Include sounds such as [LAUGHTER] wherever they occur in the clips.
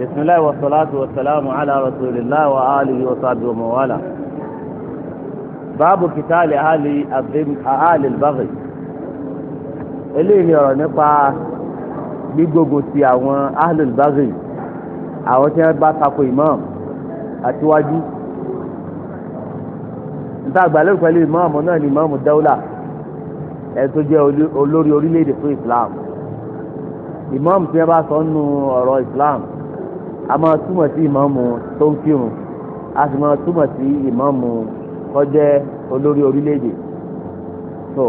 بسم الله والصلاة والسلام على رسول الله وآله وصحبه ومن والاه باب قتال أهل الذم أهل البغي eléyìí ọ̀rọ̀ nípa gbígbógo ti àwọn ahlul baghi àwọn tí wọ́n bá tako imam àtiwájú níta àgbàlẹ́ pẹ̀lú imam náà ni imam dawla ẹ̀ tó jẹ́ olórí orílẹ̀-èdè fún islam imam tí wọ́n bá sọ nínú ọ̀rọ̀ islam a máa túmọ̀ sí ìmáàmù tó ń kírun a sì máa túmọ̀ sí ìmáàmù kó jẹ́ olórí orílẹ̀-èdè so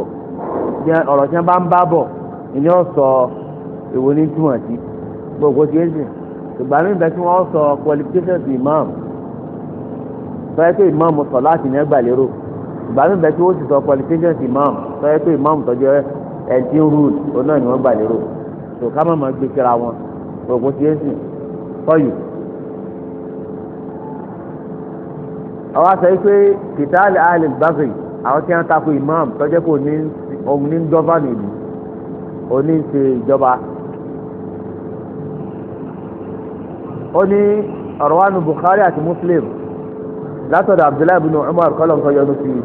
ọ̀rọ̀ tí wọ́n bá ń bá bọ̀ ìyẹn ó sọ èwo ní túmọ̀ sí gbogbo tí ó ìgbà mi bẹ tí wọn sọ qualifications imam sọyẹ pé imam sọ láti ní ẹgbà lérò ìgbà mi bẹ tí wọn sì sọ qualifications imam sọyẹ pé imam tọjọ ẹntì rule onáà ni wọn gbà lérò tó ká má má gbé kíra wọn òkú tí yẹn tọ́yù. àwa sọ pé kìtàlì alif bazi àwọn tí wọ́n takò imam tọ́jẹ́ kò ní òun ní gọ́fàmì ìlú òun ní ṣe ìjọba. ó ní ọ̀rọ̀ wa nu Bukhari àti Muslim látọ̀dọ̀ Abdullahi bin Umar kọ́lọ̀ nǹkan yọnu sí i.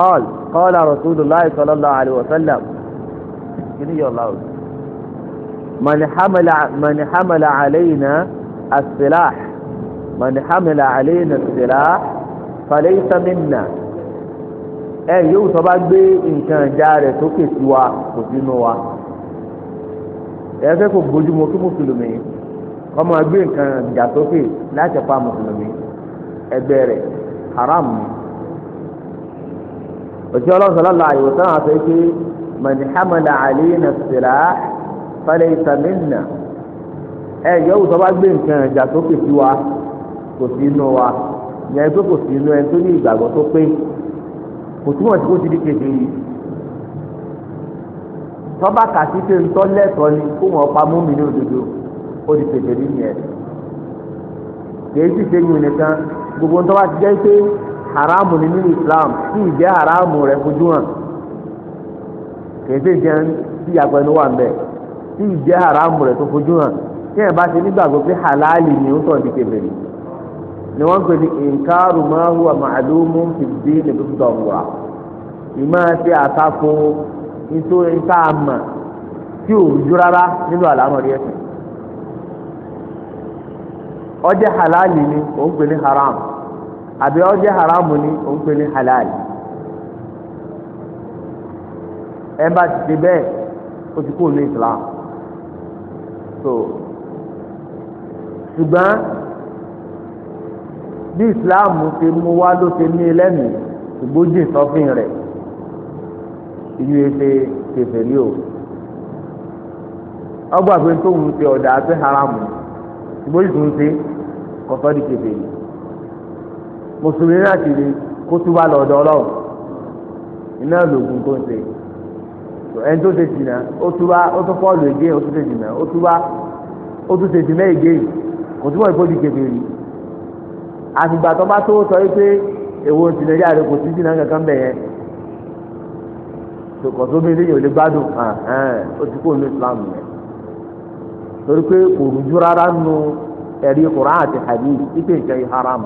قال قال رسول الله صلى الله عليه وسلم كنية الله من حمل من حمل علينا السلاح من حمل علينا السلاح فليس منا ẹ yóò sọ bá gbé nǹkan ìjà rẹ̀ sókè sí wa kò sínú wa ẹ fẹ́ kó gbójúmọ́ kí mùsùlùmí kọ́ máa gbé nǹkan ìjà sókè láti pa mùsùlùmí ẹgbẹ́ rẹ̀ haram ni òṣìṣẹ́ ọlọ́sọ̀lá la àyè wòsàn àti pé mọ̀nìhámẹ́lá àlẹ́ nà sílá falẹ̀ ìsàmìnà ẹ yọ̀wù tó bá gbé nǹkan ìjà sókè sí wa kò sí inú wa yẹn pé kò sí inú ẹni tó ní ìgbàgbọ́ tó pé kò túmọ̀ sí kó ti di kéde yìí tọ́ba kàtí pé ńtọ́ lẹ́tọ̀ọ́ ni kó wọn pa mú mi ní òdodo ó di kéde ní yẹn kì í sì ṣe yìí nìkan gbogbo ń tọ́ba ti jẹ́ pé haramu ni nínú Islam tí ìjẹ́ haramu rẹ̀ fojú hàn kì í sì jẹun tí ìyàgbẹ́nu wà ń bẹ́ẹ̀. tí ìjẹ́ haramu rẹ̀ tó fojú hàn tí ẹ̀ bá ṣe nígbàgbọ́ pé halali ni ó sọ̀ di ni wọ́n pè ní ìnkárù máa ní àtakò nítorí a mọ̀ tí ò rújú rárá nínú àlámọ̀rí ẹ̀sìn ó halali ni ó ń pè ní haram àbí haramu ni ó ń halali bá ti ṣe bẹ́ẹ̀ ó ti Islam. so ṣùgbọ́n bí islam ti mú wá ló ṣe ní ẹlẹ́mìí ìgbójì sọ́fìn rẹ̀ ìlú o ọgbà pé tóun ṣe ọ̀dà àti haramu ìgbójì tó ń ṣe kọ́tọ́ di kẹfẹ́rí mùsùlùmí náà ti rí kó túbà lọ́dọ̀ ọlọ́run iná ẹni tó ṣe jìnnà ó tún wá ó tún fọ́ọ̀lù ègé ó tún ṣe jìnnà ó tún wá ó tún ṣe jìnnà ègé yìí kò túbọ̀ ìfọ́jú kébé rí àtìgbà tó bá tó sọ yìí pé èwo ti nàìjíríà rẹ kò sí jìnnà kankan bẹ̀ yẹn kò tó bí ò lè gbádùn ó ti kó ní Islam yẹn torí pé rárá nu haram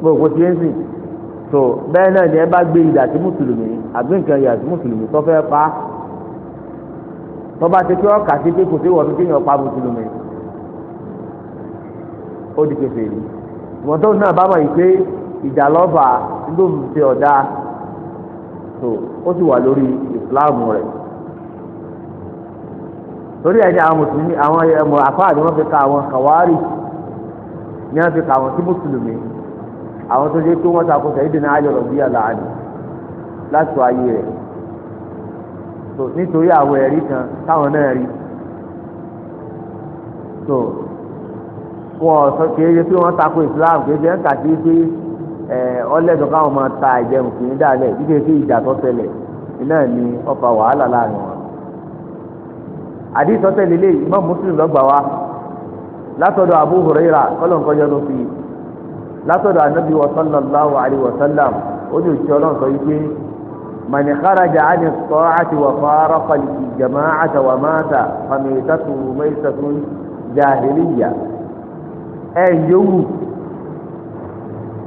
gbogbo so bẹ́ẹ̀ náà ni ẹ bá gbé ìdà sí mùsùlùmí àbí nǹkan ìyà sí mùsùlùmí tó fẹ́ pa tọ́ba ti pé ọkà sí pé kò sí wọ̀mí kéèyàn pa mùsùlùmí ó di kẹfẹ́ rí mọ̀tò náà bá mọ̀ pé ìjà lọ́fà ló ń ṣe ọ̀dà so ó sì wà lórí ìsìláàmù rẹ̀ torí ẹni àwọn mùsùlùmí àwọn ẹ̀mọ̀ àfáà ni wọ́n fi ka àwọn kàwárì ni wọ́n fi ka àwọn sí mùsùlùmí. àwọn tó ṣe pé wọ́n ta kọsẹ̀ ìdènà ayọ̀rọ̀ bí aláàánú láti ayé rẹ̀ tó nítorí àwọn ẹ̀rí kan táwọn náà rí tó wọn sọ kéde pé wọ́n takò Islam kéde ń kà sí pé ẹ ọma káwọn máa ta ẹ̀jẹ̀ mùsùlùmí dálẹ̀ kíkẹ́ sí ìjà tó ṣẹlẹ̀ iná ọfà wàhálà láàrin wọn. Muslim látọ̀dọ̀ anabi wa sallallahu alayhi wa sallam ó ní òṣìṣẹ́ ọlọ́run sọ wípé mani kharaja ani sọ́ọ́càti wa fara falki jama'ata wa mata famitatu maitatu jahiliya ẹ̀ yòówù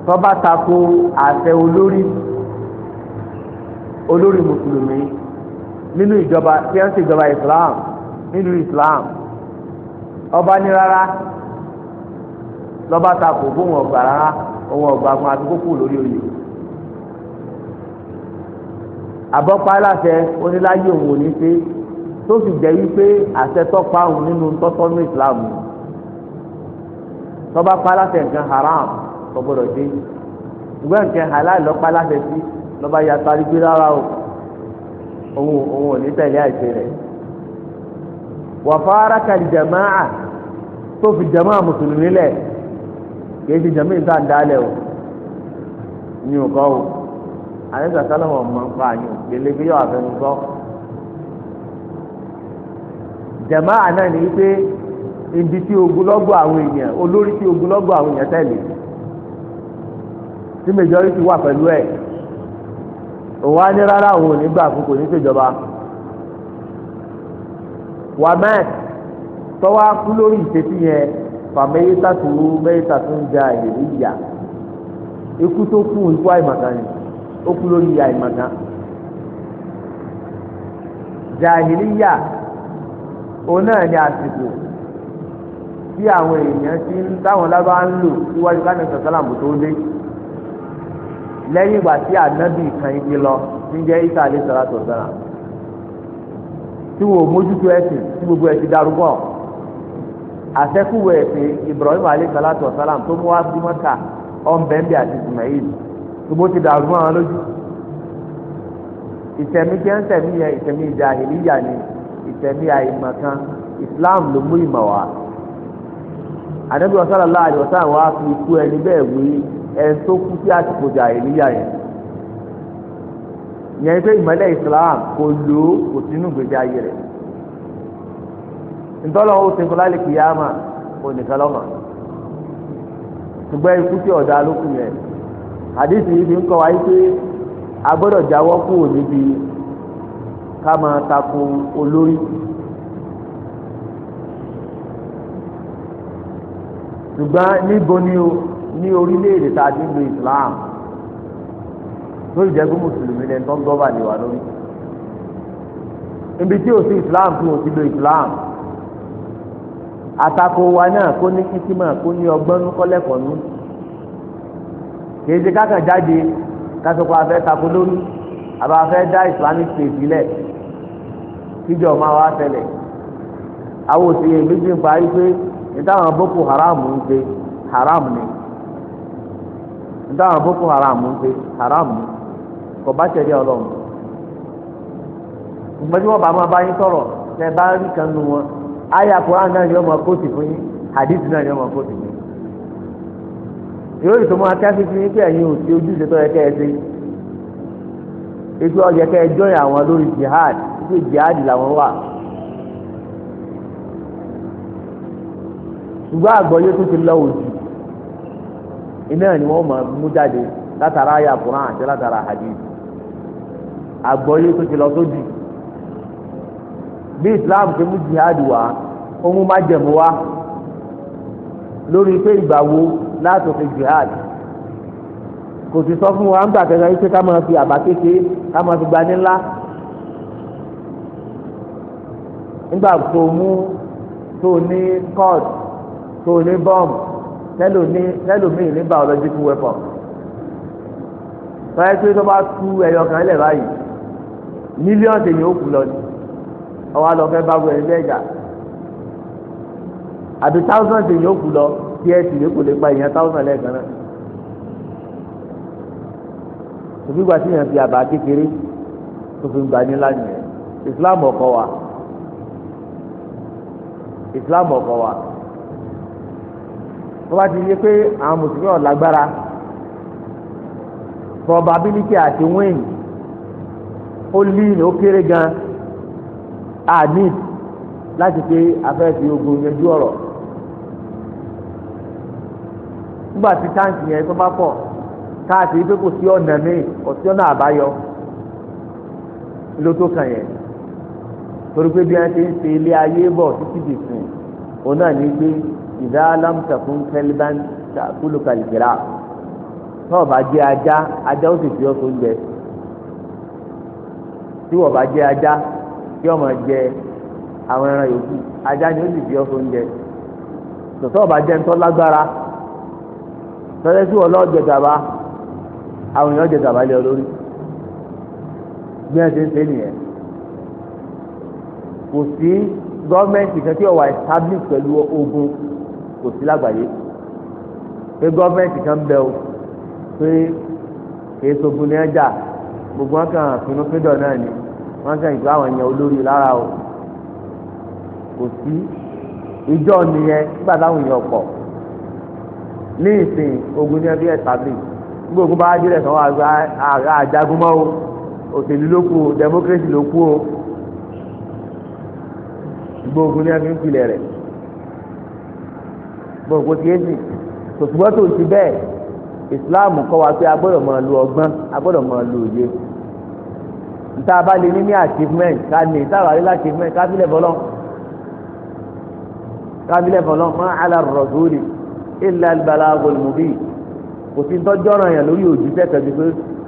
tọ́ba tako àṣẹ olórí olórí mùsùlùmí nínú ìjọba tí wọ́n ń ṣèjọba islam nínú islam ọba ní rárá lọ́ba ta kò fún wọn gbà rárá òun ọ̀gbà fún àdúgbò kù lórí oyè àbọ̀pá aláṣẹ oníláyé òun ò ní ṣe tó sì jẹ́ wípé àṣẹ tọ́pa òun nínú tọ́tọ́nú Islam tọ́ba pa aláṣẹ nǹkan haram kò gbọdọ̀ ṣe ṣùgbọ́n nǹkan halal lọ́pa aláṣẹ sí lọ́ba yàtọ̀ arígbé rárá o òun òun ò ní tẹ̀lé àìsè rẹ̀ wàfárá kàlì jàmáà tó fi jàmáà mùsùlùmí lẹ̀. kìí ṣe jẹ̀mí nǹkan dálẹ̀ o ní kọ o àyẹ̀sà sálọ̀mọ̀ mọ̀ ń pa àyàn gbélé bí yóò àfẹnu jẹ̀má àná ni pé ibi tí ogunlọ́gọ̀ àwọn èèyàn olórí tí ogunlọ́gọ̀ àwọn èèyàn tẹ̀lé tí majority wà pẹ̀lú ẹ̀ òun á ní rárá òun ò ní gbà fún kò ní ṣèjọba wàmẹ́ẹ̀ tọ́wá kú fàmẹ́yẹ́tà tó wú mẹ́yẹ́tà tó ń ja èrè ìyà ikú tó kú ikú àìmọ̀kan ni ó kú lórí àìmọ̀kan jàhìlíyà òun náà ni àsìkò tí àwọn èèyàn ti ń táwọn lábá ń lò síwájú kánìkan sálàmù tó dé lẹ́yìn ìgbà tí ànábì kan igi lọ tí ń jẹ́ isa alẹ́ sọ́ra tó tí wò mójútó ẹ̀sìn tí gbogbo ẹ̀sìn darúgbọ̀n àtẹkùwẹ ẹsẹ Ibrahim ali salatu wa salam tó mú wá sí mọ́ta ọ̀nbẹ́ńbì àti Ismail ṣùgbọ́n ti dàrú mọ́ wọn lójú ìtẹ̀mí tí ń tẹ̀mí yẹn ìtẹ̀mí jàhílíyà ni ìtẹ̀mí àìmọ̀kan Islam ló mú ìmọ̀ wá ànábì sallallahu alaihi wasallam wá fi ikú ẹni bẹ́ẹ̀ wí ẹni tó kú sí àsìkò jàhílíyà yẹn yẹn pé ìmọ̀lẹ̀ Islam kò lò ó kò sínú ìgbésí ayé rẹ̀ ntọ́lọ́ ó ti kọ́ lálẹ́ kìyàmà onìkan lọ́mọ ṣùgbọ́n ikú tí ọ̀dà lókun yẹn àdìsí yìí fi ń kọ́ wáyé pé a gbọ́dọ̀ jáwọ́ kú níbi ká máa takò olórí. ṣùgbọ́n níbo ni o ní orílẹ̀-èdè tá a ti ń lo Islam lórí ìjẹ́gun mùsùlùmí lẹ́nu tó ń gọ́bà lè wà lórí. ibi tí o sí Islam tí o ti lo Islam. àtakò wa náà kó ní kíkímà kó ní ọgbọ́n jáde kásìkò afẹ́ takò lórí àbá dá Islamic State sílẹ̀ kíjọ máa wá tẹ̀lẹ̀ àwọn òṣèré méjì ń pé nítawọn Boko Haram ń haram ni nítawọn Boko Haram ń haram ni kò bá tẹ̀lé ọlọ́run ìgbẹ́jọ́ bàbá bá yín sọ̀rọ̀ nu wọn. àyà Kùránì náà ni wọ́n máa kóòtù fún yín hadith náà ni wọ́n máa kóòtù fún yín. ìró ìtòmọ́ akẹ́fí fún yín pé ẹ̀yin ò sí ojúṣe tó yẹ kẹ́ ẹ ṣe ètò ọ̀yẹ́ kẹ́ ẹ jọyìn àwọn lórí jihad pé jihad làwọn wà. ṣùgbọ́n àgbọ̀yé tó ti lọ òjì iná ni wọ́n máa mú jáde látara àyà Kùránì àti látara hadith àgbọ̀yé tó ti lọ sódì. So bí islam ṣe mú jihad wá ó mú májẹ̀mú wá lórí pé ìgbà wo láti fi jihad kò sì sọ fún wa ń gbà kẹta yìí pé ká máa fi àbá kékeré ká máa fi gbani ńlá nígbà tó mú tó ní court tó ní bomb tẹlomiin ní biological weapon tọ́yẹ́ pé tó bá tú ẹyọ kan lẹ̀ báyìí mílíọ̀nù èèyàn ó kú lọ ni. a àlọ́fẹ́ bá wọ ẹgbẹ́ àbí thousand èèyàn lọ díẹ̀ sì lè kò lè pa èèyàn thousand lẹ́ẹ̀kan náà òfin gba sí èèyàn fi àbá kékeré òfin gba nílá Islam ọkọ wa Islam ọkọ wa wọ́n bá ti yé pé àwọn mùsùlùmí àti ó ó àní láti pé afẹ́fẹ́ ogun yanjú ọ̀rọ̀ nígbà tí táǹkì yẹn tó bá pọ̀ káàkiri pé kò sí ọ̀nà míì kò sí ọ̀nà àbáyọ ló tó kàn yẹn torí pé bí wọ́n ti ń ṣe ilé ayé bọ̀ títí di sùn òun náà ní pé ìdá alámùtàkùn kẹlíbán kúlù kàlìkìrà náà bá jẹ ajá ajá ó sì fi ọ́ sóúnjẹ tí wọ́n bá jẹ ajá kí ọmọ jẹ àwọn ẹran yòókù ajá ni ó sì fi ọsọ oúnjẹ tòtọ́ ọba jẹ́ ńtọ́ lágbára tọ́lẹ́ sí wọn lọ́ọ́ jẹgàba àwọn èèyàn jẹgàba lé ọ lórí bí wọ́n ṣe ń ṣe nìyẹn kò sí gọ́ọ̀mẹ̀ntì kan tí ó wà establish pẹ̀lú ogun kò sí lágbàáyé pé gọ́ọ̀mẹ̀ntì kan bẹ o pé èso ogun ní ẹja gbogbo wọn kàn fínú fídọ̀ náà ni wọ́n kàn ìgbà àwọn èèyàn olórí lára o kò sí ìjọ nìyẹn nígbà táwọn èèyàn pọ̀ ní ìsìn ogun ní ẹbí ẹ̀ta bì nígbà ogun bá dé lẹ́sàn-án àgbà àjagun mọ́ o òṣèlú ló kú o democracy ló kú o gbogbo ogun ní ẹbí ń pilẹ̀ rẹ̀ gbogbo ti é sì tòṣùgbọ́n ti bẹ́ẹ̀ ìsìláàmù kọ́ wa pé a gbọ́dọ̀ máa lo ọgbọ́n a gbọ́dọ̀ máa lo òye tá a bá lè ní ní achievement ká ní táwa rí achievement ká fi lè bọ́lọ́ ká fi lè bọ́lọ́ má ala rasuli illa al balagul mubin kò sí tọ́jú ọ̀ràn yẹn lórí òjíṣẹ́ kẹ́jú pé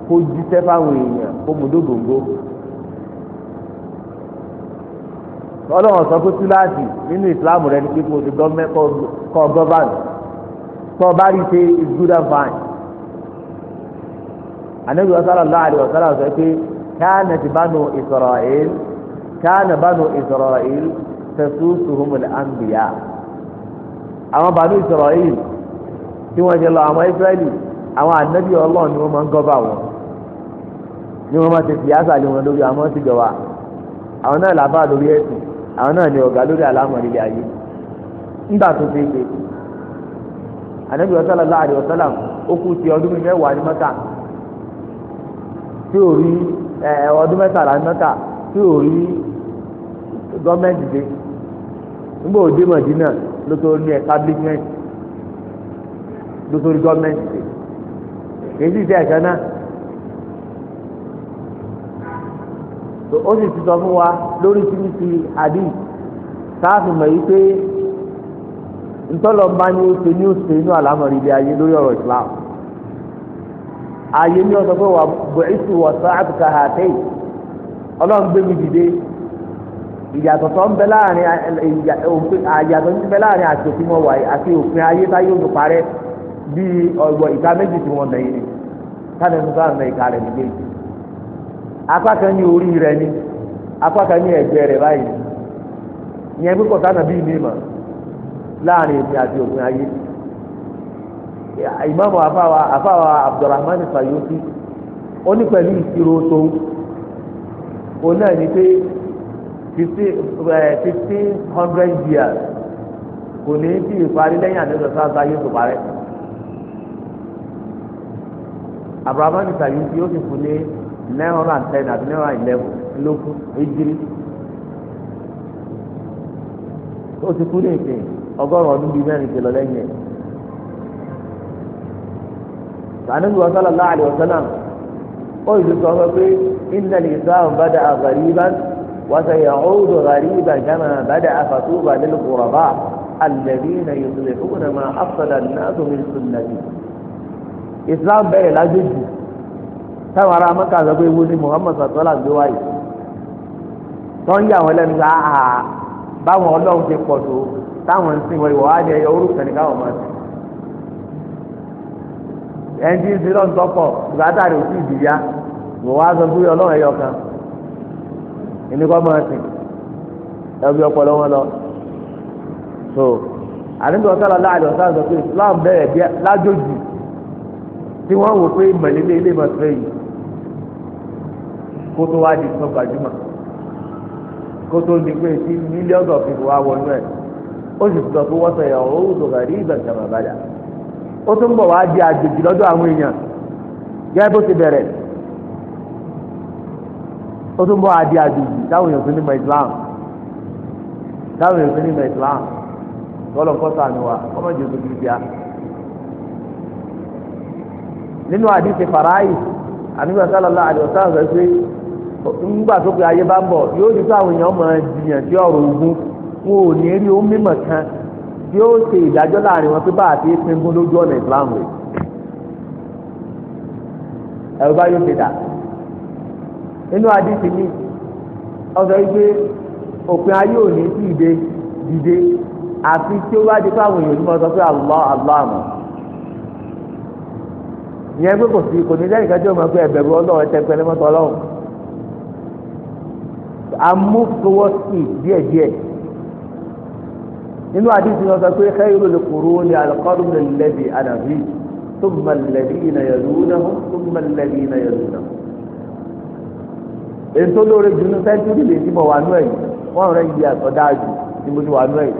kó jíṣẹ́ fáwọn èèyàn kó mú dógóńgó. ọlọ́run sọ pé túláàsì nínú ìsìláàmù rẹ ní pé kó o ti gọ́ọ̀mẹ́ kọ́ gọ́ọ̀bán bá rí i ṣe is good and fine. ànábì sallallahu alaihi wasallam sọ pé. كانت بنو إسرائيل كان بنو إسرائيل تسوسهم الأنبياء أما بنو إسرائيل tí wọ́n ṣe lọ àwọn israẹli àwọn ànábì Ọlọ́run ni wọ́n máa ń gọba wọn ni wọ́n máa ti fi àṣà lé wọn lórí àwọn máa ń ṣèjọba àwọn náà làbá lórí ẹ̀sìn àwọn náà ni ọ̀gá lórí àlámọ̀ ilé ayé nígbà tó ṣe é ṣe ànábì sallallahu alaihi wasallam ó kú sí ọdún mẹ́wàá ní Mẹ́kà tí ò rí ọdún mẹ́tàlá mẹ́ta tí ò rí gọ́ọ̀mẹ́ntì dé nígbà òde mọ̀dínà ló tó ní establishment ló tó rí gọ́ọ̀mẹ́ntì dé kìí sì tẹ̀ ẹ̀kan náà ó sì ti sọ fún wa lórí tìmítì àdì sáàfì mọ̀ yìí pé ntọ́lọ́mbá ni ó ṣe ní àlámọ̀rí ààyè ní ọ̀sán pé wà bùrẹ́sì wọ̀ sáàtù kàhàtẹ́ ọlọ́run gbé mi dìde ìyàtọ̀ tó ń bẹ láàrin ń bẹ láàrin àti òfin wọn àti òfin ayé parẹ́ ìka méjì tí wọ́n tó ń ìka rẹ̀ apá kan ní orí ni apá kan ní báyìí ìyẹn láàrin èmi àti òfin ayé ìmáàmù àfàwà àfàwà Abdulrahman Sayuti ó pẹ̀lú ìṣirò tó o náà ní pé fifteen hundred years kò ní í ti ìparí lẹ́yìn àdéhùn sáńsá yóò tó parẹ́ Abdulrahman Sayuti ó sì fún ní nine hundred and ten àti nine hundred and eleven lókun ejiri ó ti kú ní ìsìn ọgọ́rùn-ún ọdún bíi mẹ́rin ti lọ lẹ́yìn ẹ̀ sànúbì wọn sọlọ láàrin ọsánà ó yìí sọ wọn pé iná lè sọ àwọn bàdà àgbàríbá wọn sọ yà ó dò àríbá gánà bàdà àfàtúbà nílùú kùrọ̀bà alẹ́bíyìn yòtúlẹ̀ fún mi máa afọ̀dà náà tó mi sùn nàbí. islam bẹ̀rẹ̀ lájòjì táwọn ará mọ́kà sọ pé ewu muhammad sọ̀tọ́lá gbé wáyé tó yà wọn lẹ́nu sáà báwọn ọlọ́run ti pọ̀ tó táwọn ń sìn wọ́n ìwọ́ á jẹ orúkọ ẹnjí ń sinọ́ ńtọ́pọ̀ bùkátà òsì ìdìyà wò wá sọ fún ọlọ́run ẹ̀yọ kan èmi kọ́ máa sìn ẹbí ọpọlọ wọn lọ so àdéhùn ọ̀sán láàrin ọ̀sán sọ pé Islam bẹ̀rẹ̀ bí lájòjì tí wọ́n wò pé mọ̀lẹ́lẹ́ ilé mọ̀ fẹ́ yìí kó tó wá di sọ gbajúmọ̀ kó tó di pé tí mílíọ̀nù ọ̀fìn wá wọnú ẹ̀ ó sì sọ pé wọ́n sọ ìyàwó ó wù tó kàrí ìgbà ìjàmbá bàjá. ó tún bọ̀ wá di àjèjì lọ́dọ̀ àwọn èèyàn gẹ́gẹ́ bó ti bẹ̀rẹ̀ ó tún bọ̀ wá di àjèjì táwọn èèyàn tún ní mọ̀ Islam táwọn èèyàn tún ní mọ̀ Islam tọ́lọ̀ ń kọ́sọ̀ wa ọmọ jù tó dìbíà nínú àdìsí pé ńgbà tó pé ayé bá ń bọ̀ yóò di àwọn èèyàn máa sí ọ̀rọ̀ ogun wọn ò ní rí omi mọ̀ kan tí ó ṣe ìdájọ́ láàrin wọn pé bá àti pinpin lójú ọ̀nà Islam rẹ̀ ẹ̀rọ bá yóò ṣe dà nínú adíṣe ní ọ̀sẹ̀ wípé òpin ayé òní sí ìdè dìde àfi tí ó bá di pé àwọn èèyàn onímọ̀ sọ pé Allah Allah àmọ́ ìyẹn pé kò sí kò ní lẹ́yìn kájọ́ máa pé ẹ̀bẹ̀rù Ọlọ́run ẹ̀tẹ́ pẹ́lẹ́mọ́tọ́ Ọlọ́run amúfowósì díẹ̀díẹ̀ nínú àdìsí wọn sọ pé khairul quruni al-qarnu alladhi ana fihi thumma alladhina yalunahum thumma alladhina yalunahum. ètò olóore jù ní sẹ́ńtúrì lè ti bọ̀ wà nú ẹ̀yìn wọ́n rẹ̀ yí àtọ̀dáàjù ní mo ti wà nú ẹ̀yìn.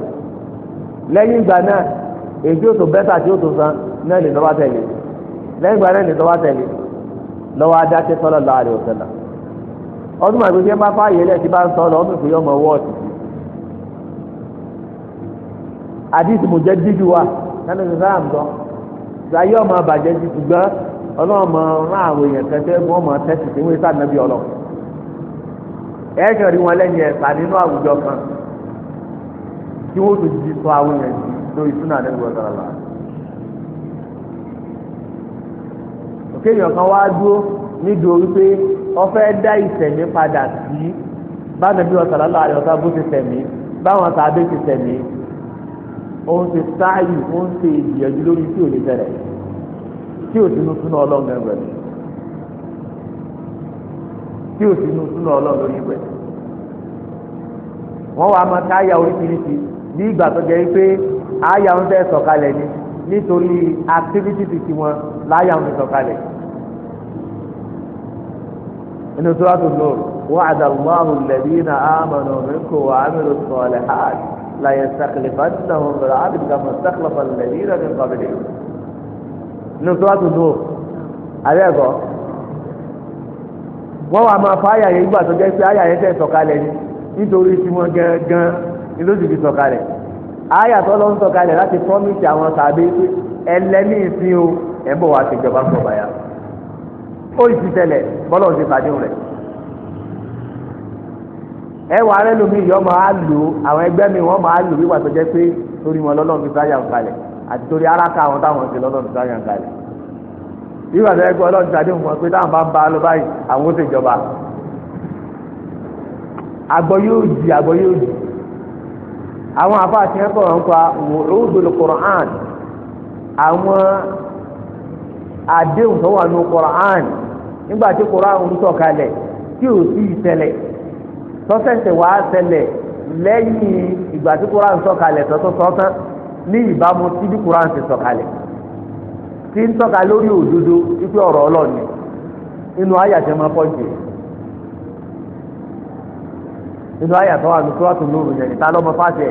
lẹ́yìn ìgbà náà èyí tó bẹ́tà tí ó tó san náà lè lọ́wọ́ tẹ̀lé lẹ́yìn ìgbà náà lè lọ́wọ́ tẹ̀lé lọ́wọ́ adáké sọ́lọ́ láàrin ọ̀sẹ̀ ọdún màgbé tí àdìsí mo jẹ́ dídú wa nínú ìsìlámù sọ ṣayé ọmọ àbàjẹ́ ti ṣùgbọ́n ọlọ́run mọ rán àwọn èèyàn kẹtẹ́ wọ́n mọ tẹ́sí sí wíṣà nàbí ọlọ ẹ̀ẹ́dẹ̀rí wọn lẹ́yìn ẹ̀ka nínú àwùjọ kan tí wọ́n tún ti sọ àwọn èèyàn sí lórí súnà nínú ọ̀sán ọ̀la òkè èèyàn kan wá dúró nídòó wípé ọfẹ́ dá ìsẹ̀mí padà sí bá nàbí ọ̀sán ọ̀la àyọ̀ká bó ti sẹ̀mí báwọn sàbẹ̀ ti sẹ̀mí ó ń taa sáàyè ó ń ṣe ìgbìyànjú lórí tí ò lè bẹ̀rẹ̀ tí ò sínú súná ọlọ́run ẹgbẹ́ tí ò sínú súná ọlọ́run lórí ẹgbẹ́ wọ́n wá máa táyà oríṣiríṣi bí ìgbà tó jẹ́ pé àyà ń fẹ́ ni nítorí activity ti ti wọn láyà ń fẹ́ sọ̀kalẹ̀ inú sọ́wọ́n tó lò wọ́n àdàlùmọ́ àwùlẹ̀ bí iná àmọ̀ òmìnkò háàdì. لا يستخلفنهم في الأرض كما استخلف الذين من قبلهم نصرة النور أبي أقول wọ́n wàá máa fa àyà yẹn nígbà tó jẹ́ pé àyà yẹn tẹ̀ sọ̀kalẹ̀ ni nítorí tí wọ́n gangan ni ló sì fi sọ̀kalẹ̀ àyà tó lọ ń sọ̀kalẹ̀ láti fọ́mìtì àwọn tàbí ẹlẹ́ni ìsìn o ẹ̀ ń bọ̀ wá sí ìjọba ń bọ̀ báyà ó sì tẹ̀lẹ̀ bọ́lọ̀ ti fàdéhùn rẹ̀. ẹwà wà rẹ lómi máa lò àwọn ẹgbẹ́ mi wọn máa lò wíwà tó pé torí wọn lọ́lọ́run fi sáyà kalẹ̀ àti torí araka àwọn táwọn ti fi sáyà pé ti wọn pé táwọn bá ń bá lọ báyìí àwọn ó jọba yóò yóò àwọn àbá àti wọn pa wòlóòdòlò kọ̀ọ̀án àwọn àdéhùn tó wà ní nígbà tí ń o wá ṣẹlẹ̀ lẹ́yìn ìgbà tí koran sọ̀kalẹ̀ tọ́tọ́tọ́tán ní ìbámu tí bí koran ṣe sọ̀kalẹ̀ tí ń tọ́ka lórí òdodo wípé ọ̀rọ̀ ọlọ́ọ̀ni inú àyà tẹ máa pọ̀jù inú àyà tó wà ní kúrọ́tù lóru yẹn níta lọ́mọ fáṣẹ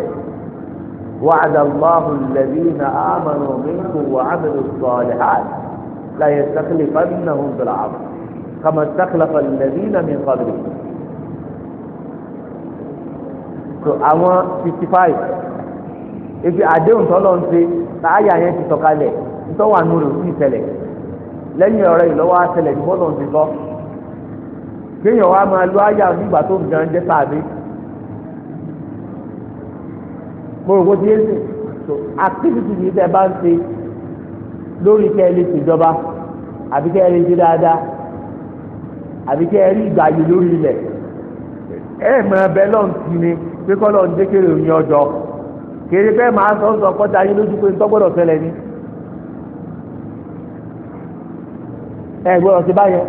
وعد الله الذين آمنوا منكم وعملوا الصالحات ليستخلفنهم في so àwọn fifty five ebi àdéhùn tọ́lọ̀ ń ṣe táyà yẹn ti tọ́kalẹ̀ ntọ́wà nù rẹ̀ sí ìṣẹ̀lẹ̀ lẹ́yìn ọ̀rẹ́ yìí lọ́wọ́ àṣẹlẹ̀ ní bọ́lọ̀ ń ti sọ kéèyàn wá máa lo àyà nígbà tó ń gan jẹ́ sáàbí mo rò wọ́n ti yé sìn so activity yìí tẹ́ bá ń ṣe lórí kẹ́ ẹ lè ṣèjọba àbí kẹ́ ẹ lè ṣe dáadáa àbí kẹ́ ẹ lórí ilẹ̀ ẹ̀ mọ̀ ẹ lọ́n ti ni. pé kọ́lọ̀ ń dékèrè òní ọjọ́ kéré pé màá sọ sọ kọ́ta yín lójú pé ntọ́gbọ́dọ̀ tẹ́lẹ̀ ni ẹ gbọ́dọ̀ ti báyẹn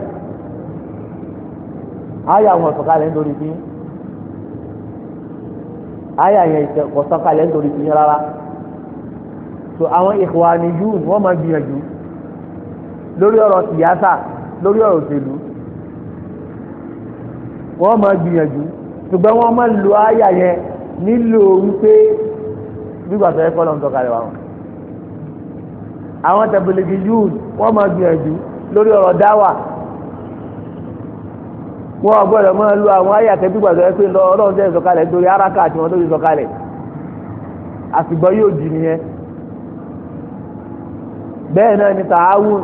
nítorí bí rárá so àwọn ni wọ́n máa gbìyànjú lórí ọ̀rọ̀ ṣùgbọ́n wọ́n máa ń lo àyà yẹn nílò wípé gbígbà tó yẹ kọ́ lọ́n tọ́ka rẹ̀ wá wọn. àwọn tẹ̀bílẹ̀gì yúù wọ́n máa gbìyànjú lórí ọ̀rọ̀ dáwà wọ́n gbọ́dọ̀ máa lo àwọn àyà tẹ gbígbà tó yẹ pé lọ ọlọ́run tẹ̀ sọ̀kalẹ̀ torí áráka àti wọn tó fi sọ̀kalẹ̀ àsìgbọ́ yóò jì nìyẹn bẹ́ẹ̀ náà ni tààwùn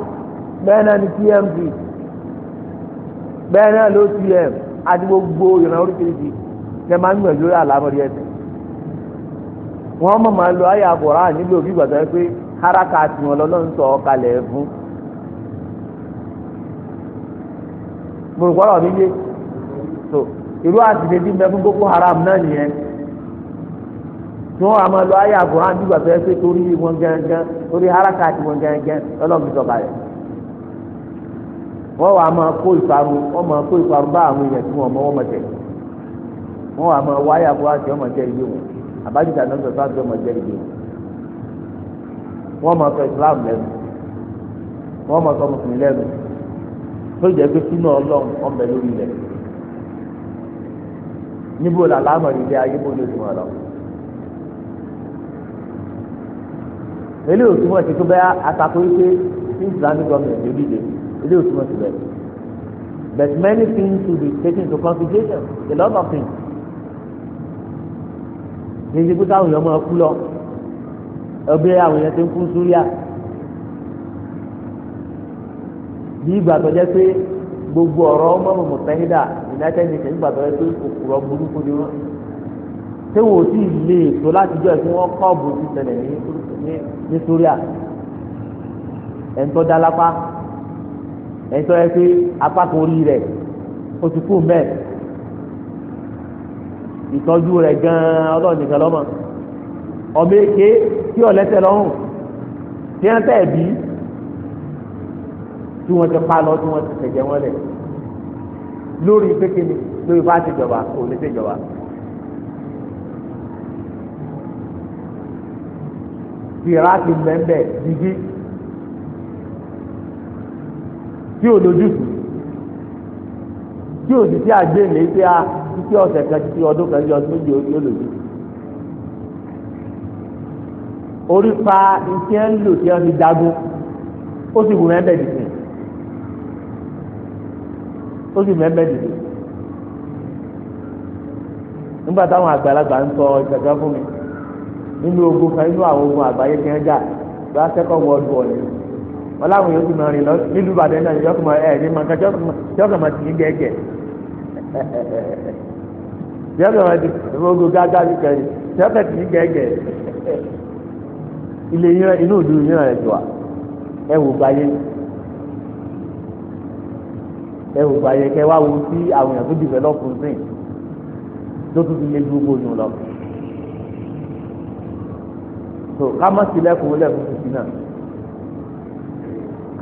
bẹ́ẹ̀ náà ni tmp bẹ́ẹ̀ náà ló tm àti gbogbo ìran oríṣiríṣi ṣe máa ń gbìyànjú lórí àlámọ̀rí ẹ̀sẹ̀ wọ́n mọ̀ máa lo ayé àkùrá nílò bí gbàgbọ́ pé haraka tiwọn lọ́lọ́run sọ kalẹ̀ fún mùrùkọ́rọ̀ mi yé so irú àtìlẹ́ bí mẹ́fún Boko Haram náà nìyẹn tí wọ́n máa lo ayé àkùrá nígbà tó yẹ pé torí wọn gángan torí haraka tiwọn gángan lọ́lọ́run sọ kalẹ̀ wọ́n wà máa kó ìparun wọ́n máa kó ìparun bá àwọn èèyàn tí wọ́n mọ wọ́n mọ tẹ̀ wọ́n wà máa wáyà kó àti ọmọ jẹ́ ìdí wọn àbájáde àná sọ̀tọ́ àti ọmọ jẹ́ ìdí wọn wọ́n máa sọ Islam lẹ́nu wọ́n máa sọ mùsùlùmí lẹ́nu tó jẹ́ pé sínú ọlọ́run ọbẹ̀ lórí rẹ̀ níbo làlámọ̀ ilé ayé bó ló ti wọn lọ. eléyìí ò túmọ̀ sí tó bẹ́ẹ̀ atakó ike sí Islamic government lórí rẹ̀ ilé òtúmọ̀ sí bẹ́ẹ̀ but many things should be taken into consideration a lot of things ní ti pé káwọn èèyàn máa kú lọ ẹgbẹ́ àwọn èèyàn ti ń kú súríà bí ìgbà tó jẹ́ pé gbogbo ọ̀rọ̀ ọmọ mọ̀mọ́ tẹ́hídà united nations ìgbà tó jẹ́ pé òkúrọ̀ burúkú ni wọ́n ṣé wò ó sì lè tó láti jọ ẹ̀sìn wọn kọ́ ọ̀bùn ti ṣẹlẹ̀ ní ní ẹ̀ ń tọ́ dá lápá ẹni tó yẹ pé apá kan orí rẹ̀ ó ti kú mbẹ ìtọ́jú rẹ̀ gan-an ọlọ́run nìkan lọ́mọ ọmọ èké tí ọ̀lẹ́sẹ̀ lọ́rùn tí wọ́n tẹ̀ bí tí wọ́n ti pa lọ tí wọ́n ti tẹ̀jẹ̀ wọn lẹ̀ lórí pékinni lórí bá ti jọba kò lè ṣe jọba. fìrà ti mbẹ́mbẹ́ jíjí. tí ò lójútùú tí ò ní sí àgbélé pé a títí ọ̀sẹ̀ kan títí ọdún kan títí ọdún méjì yóò lójútùú. orí pa iṣẹ́ ń lò tí wọ́n fi jagun ó sì wù mẹ́bẹ̀ dìde ó sì mẹ́bẹ̀ dìde nígbà táwọn àgbàlagbà ń sọ ìgbàgbọ́ fún mi nínú ogun kan nínú àwọn ogun àgbáyé tí wọ́n jà lọ́wọ́ sẹ́kọ̀ọ́ wọ́ọ̀dù ọ̀lẹ́yìn wọn láwọn yóò fi máa rìn lọ nílùú ìbàdàn náà yóò fi máa ẹ ní màkà yóò fi máa tì í gẹ́gẹ́ [LAUGHS] yóò fi máa tì í gbogbo gágá bí kẹrin yóò fi tì í gẹ́gẹ́ ilé yín inú òdu yín rẹ̀ jù wá ẹ wò báyé ẹ wò báyé kẹ wá wo sí àwọn èèyàn tó sìn tó tún fi lé gbogbo yín lọ so ká má sílẹ̀kùn lẹ́kùn tuntun náà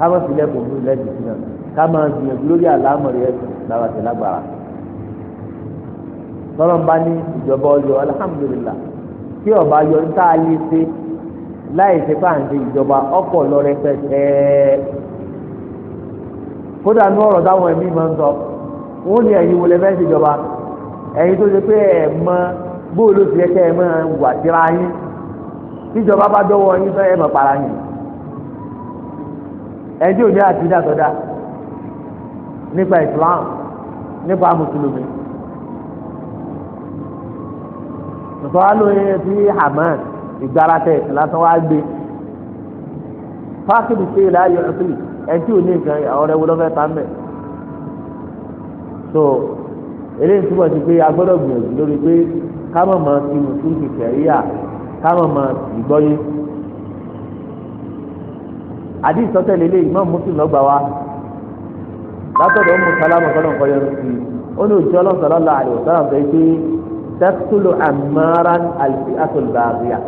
ká má fi lẹ́kùn fún ilẹ̀ jìbìtì náà ká máa gbìyànjú lórí àlámọ̀rí ẹ̀sìn lára tẹ̀ lágbára. tọ́lọ́mbá ní ìjọba ọyọ alhamdulillah tí ọba yọ níta ayé ṣe láì ṣe pàǹdé ìjọba ọkọ̀ lọ rẹpẹtẹ. kódà ní ọ̀rọ̀ táwọn ẹ̀mí máa ń sọ wọ́n ní ẹ̀yin wọlé fẹ́ ṣèjọba ẹ̀yin tó ṣe pé ẹ̀ mọ bóòlù ti ẹ̀kẹ́ ẹ̀ máa wà síra yín tíjọba bá dọ́wọ́ yín fẹ́ ẹ̀ mọ̀ para yín ẹjọ́ òní àti ìdàtọ̀dá nípa Islam nípa mùsùlùmí nǹkan wá lóye sí Hamas ìgbára tẹ lásán wá gbé fásitì ṣe láàyò ọ̀sìn ẹjọ́ òní nǹkan ọ̀rẹ́ wo lọ́fẹ́ tá mẹ́ so eléyìí túbọ̀ sí pé a gbọ́dọ̀ gbìyànjú lórí pé ká mọ̀ mọ́ sí mùsùlùmí kẹ̀ríyà ká mọ̀ mọ́ ìgbọ́yé àdí ìsọtẹ́lẹ̀ ilé Imam Muslim lọ́gbà wa látọ̀dọ̀ Ummu Salama ọ̀sọ́lọ̀ nǹkan yọrọ sí i ó ní òjì ọlọ́sọ̀ lọ́la àlè ọ̀sọ́lọ̀ sọ pé taqtulu ammaran al-fi'atul baghiya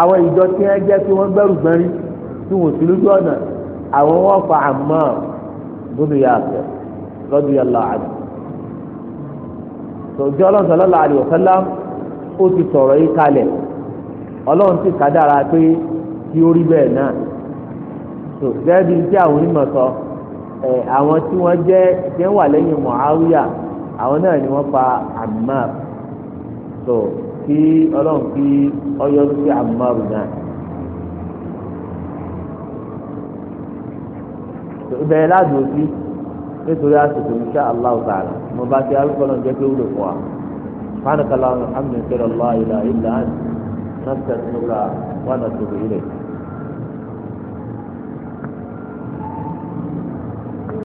àwọn ìjọ tí wọ́n jẹ́ kí wọ́n gbẹ́rù gbẹ́rí tí wọ́n sì lójú ọ̀nà àwọn wọn fa Ammar gbọ́dọ̀ yà sẹ́ lọ́dún yà lọ́ àdùn tòjọ́ ọlọ́sọ̀ lọ́la àlè ọ̀sọ́lá ó ti sọ̀rọ̀ yìí kalẹ̀ ọlọ́run ti kádàrá pé tí ó rí bẹ́ẹ̀ náà tó gẹ́gẹ́ bí tí àwọn onímọ̀ sọ ẹ̀ àwọn tí wọ́n jẹ́ tí wọ́n wà lẹ́yìn Muawiya àwọn náà ni wọ́n pa Ammar tó kí ọlọ́run kí ọyọ́ sí Ammar náà. bẹ̀rẹ̀ ládùn sí nítorí àsìkò insha Allah ta'ala mo bá ti arúgbó náà jẹ́ pé wúlò fún wa fáànù kàlá ọ̀hún hàmì ìṣẹ̀lẹ̀ ọ̀la ìlà ìlà àti nàṣẹ̀ nígbà wà